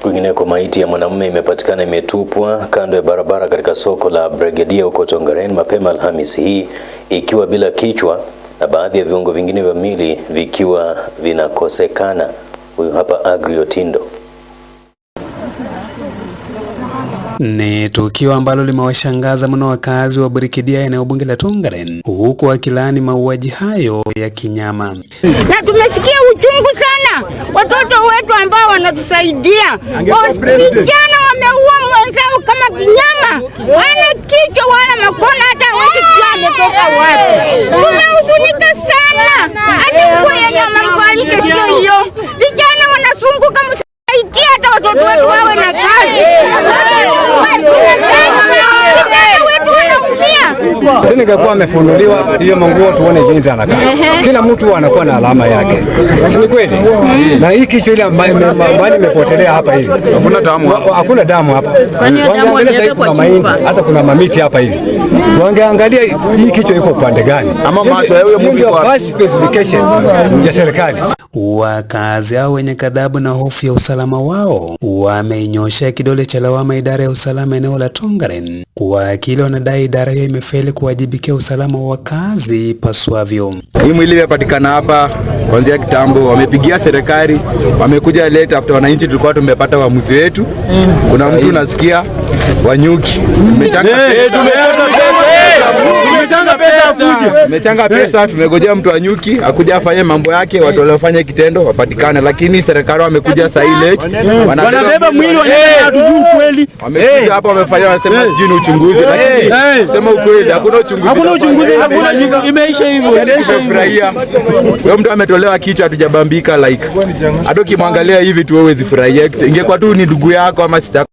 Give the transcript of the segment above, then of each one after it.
Kwingineko, maiti ya mwanamume imepatikana imetupwa kando ya barabara katika soko la Brigadier huko Tongaren mapema Alhamisi hii ikiwa bila kichwa na baadhi ya viungo vingine vya mwili vikiwa vinakosekana. Huyu hapa Agri Otindo. Ni tukio ambalo limewashangaza mno wakazi wa brikidia eneo bunge la Tongaren huku wakilaani mauaji hayo ya kinyama. Na tumesikia uchungu sana watoto wetu ambao wanatusaidia, vijana wameua wenzao kama kinyama, wana kichwa wala makono, hata hawezi kujua ametoka wapi. Tumehuzunika sana, kwa yenye amambalike sio hiyo, vijana wanasunguka, msaidia hata watoto wetu wawe na Lakini ingekuwa amefunuliwa hiyo manguo tuone jinsi anakaa. Kila mtu anakuwa na alama yake. Si kweli? Mm-hmm. Na hii kichwa ile ambayo mbali imepotelea hapa hivi. Hakuna damu hapa. Hakuna damu hapa. kuna mahindi, hata kuna mamiti hapa hivi. Wangeangalia hii kichwa iko upande gani? Ama macho ya huyo specification ya serikali. Wakazi hao wenye kadhabu na hofu ya usalama wao wameinyosha kidole cha lawama idara ya usalama eneo la Tongaren kwa kile wanadai idara hiyo imefeli kuwajibika kuwajibikia usalama wa wakazi paswavyo. Hii mwili imepatikana hapa kuanzia kitambo, wamepigia serikali, wamekuja late after wananchi tulikuwa tumepata uamuzi wetu. Kuna mtu nasikia Wanyuki, tumechanga eh, pesa, mmechanga eh. pesa, tumegojea mtu anyuki akuja afanye mambo yake, watu waliofanya kitendo wapatikane. Lakini serikali wamekuja saa hii late, wanabeba mwili, wa watu juu. Kweli Wamekuja eh. hapa wamefanya, wanasema eh. sijui ni uchunguzi, lakini sema ukweli, hakuna uchunguzi, hakuna uchunguzi, hakuna, imeisha hivyo. imeisha Furahia wewe, mtu ametolewa kichwa, hatujabambika like, hata ukimwangalia hivi tu huwezi furahia, ingekuwa tu ni ndugu yako ama sita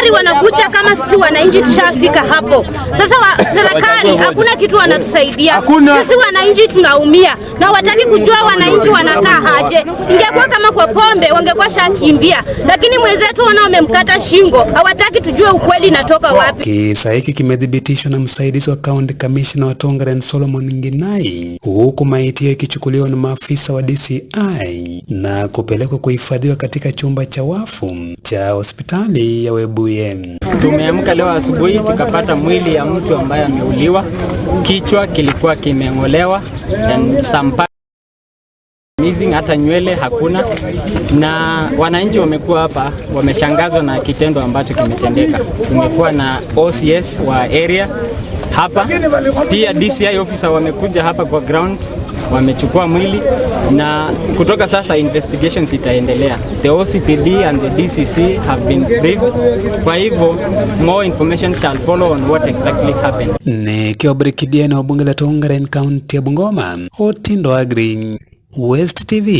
tayari wanakuja kama sisi wananchi tushafika hapo. Sasa wa, serikali hakuna kitu wanatusaidia sisi wananchi tunaumia, na wataki kujua wananchi wanakaa haje. Ingekuwa kama kwa pombe wangekuwa shakimbia, lakini mwenzetu wana wamemkata shingo, hawataki tujue ukweli inatoka wapi. Kisa hiki kimethibitishwa na msaidizi wa kaunti kamishna wa Tongaren Solomon Nginai, huku maiti ikichukuliwa na maafisa wa DCI na kupelekwa kuhifadhiwa katika chumba cha wafu cha hospitali ya Webuye yenu. Tumeamka leo asubuhi tukapata mwili ya mtu ambaye ameuliwa, kichwa kilikuwa kimeng'olewa missing hata nywele hakuna, na wananchi wamekuwa hapa wameshangazwa na kitendo ambacho kimetendeka. Tumekuwa na OCS wa area hapa, pia DCI officer wamekuja hapa kwa ground wamechukua mwili na kutoka sasa investigations itaendelea. The OCPD and the DCC have been briefed. Kwa hivyo more information shall follow on what exactly happened. Nikiwa brikidia eneo bunge la Tongaren, kaunti ya Bungoma, Otindo Agri, West TV.